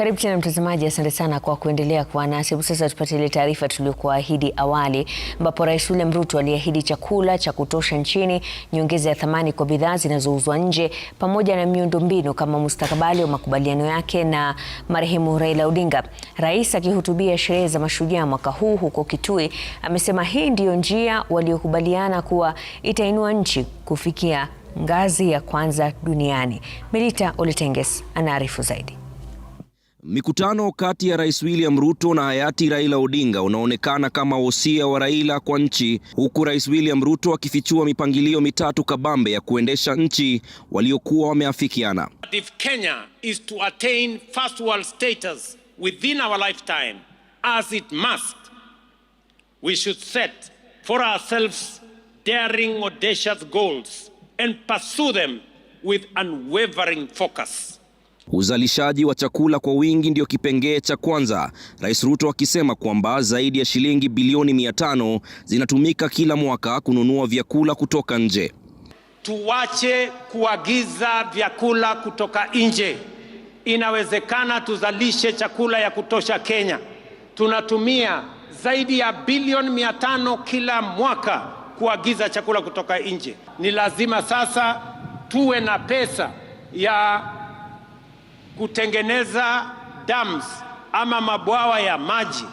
Karibu tena mtazamaji, asante sana kwa kuendelea kuwa nasi. Hebu sasa tupate ile taarifa tuliyokuahidi awali, ambapo Rais William Ruto aliahidi chakula cha kutosha nchini, nyongeza ya thamani kwa bidhaa zinazouzwa nje, pamoja na miundombinu kama mustakabali wa makubaliano yake na marehemu Raila Odinga. Rais akihutubia sherehe za Mashujaa mwaka huu huko Kitui, amesema hii ndiyo njia waliokubaliana kuwa itainua nchi kufikia ngazi ya kwanza duniani. milita Oletenges anaarifu zaidi. Mikutano kati ya Rais William Ruto na hayati Raila Odinga unaonekana kama wosia wa Raila kwa nchi, huku Rais William Ruto akifichua mipangilio mitatu kabambe ya kuendesha nchi waliokuwa wameafikiana. If Kenya is to attain first world status within our lifetime as it must, we should set for ourselves daring audacious goals and pursue them with unwavering focus. Uzalishaji wa chakula kwa wingi ndio kipengee cha kwanza, Rais Ruto akisema kwamba zaidi ya shilingi bilioni mia tano zinatumika kila mwaka kununua vyakula kutoka nje. Tuwache kuagiza vyakula kutoka nje. Inawezekana tuzalishe chakula ya kutosha Kenya. Tunatumia zaidi ya bilioni mia tano kila mwaka kuagiza chakula kutoka nje. Ni lazima sasa tuwe na pesa ya kutengeneza dams ama mabwawa ya maji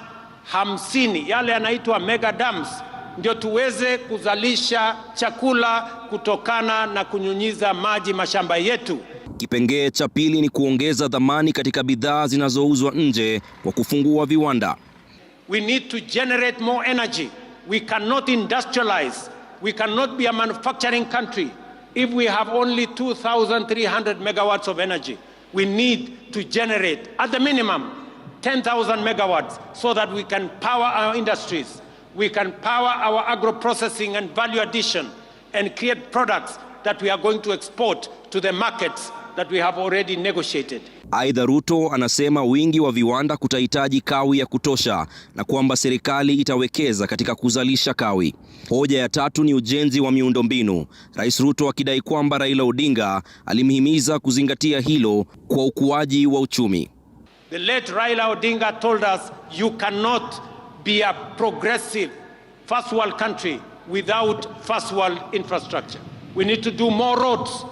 hamsini, yale yanaitwa mega dams, ndio tuweze kuzalisha chakula kutokana na kunyunyiza maji mashamba yetu. Kipengee cha pili ni kuongeza dhamani katika bidhaa zinazouzwa nje kwa kufungua viwanda. We need to generate more energy. We cannot industrialize. We cannot be a manufacturing country if we have only 2300 megawatts of energy. we need to generate, at the minimum, 10,000 megawatts so that we can power our industries, we can power our agro-processing and value addition, and create products that we are going to export to the markets that we have already negotiated. Aidha, Ruto anasema wingi wa viwanda kutahitaji kawi ya kutosha na kwamba serikali itawekeza katika kuzalisha kawi. Hoja ya tatu ni ujenzi wa miundombinu, Rais Ruto akidai kwamba Raila Odinga alimhimiza kuzingatia hilo kwa ukuaji wa uchumi. The late Raila Odinga told us you cannot be a progressive first world country without first world infrastructure. We need to do more roads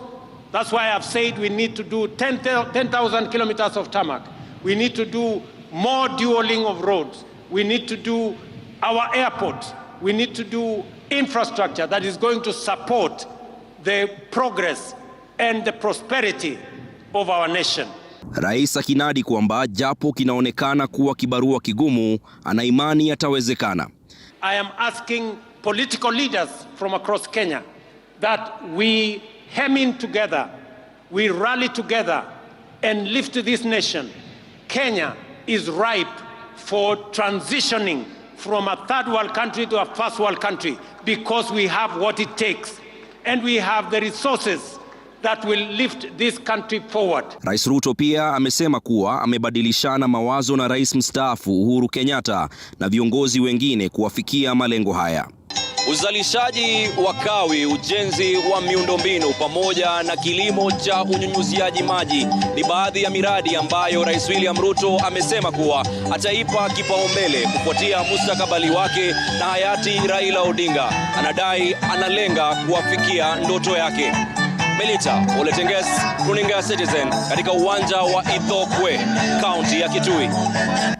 That's why I've said we need to do 10,000 kilometers of tarmac. We need to do more dualing of roads. We need to do our airports. We need to do infrastructure that is going to support the progress and the prosperity of our nation. Rais akinadi kwamba japo kinaonekana kuwa kibarua kigumu, ana imani yatawezekana. I am asking political leaders from across Kenya that we hemming together, we rally together and lift this nation. Kenya is ripe for transitioning from a third world country to a first world country because we have what it takes and we have the resources that will lift this country forward. Rais Ruto pia amesema kuwa amebadilishana mawazo na Rais mstaafu Uhuru Kenyatta na viongozi wengine kuwafikia malengo haya. Uzalishaji wa kawi, ujenzi wa miundombinu pamoja na kilimo cha unyunyuziaji maji ni baadhi ya miradi ambayo Rais William Ruto amesema kuwa ataipa kipaumbele kufuatia mustakabali wake, na hayati Raila Odinga anadai analenga kuwafikia ndoto yake. Melita Oletenges, runinga Citizen, katika uwanja wa Ithookwe, kaunti ya Kitui.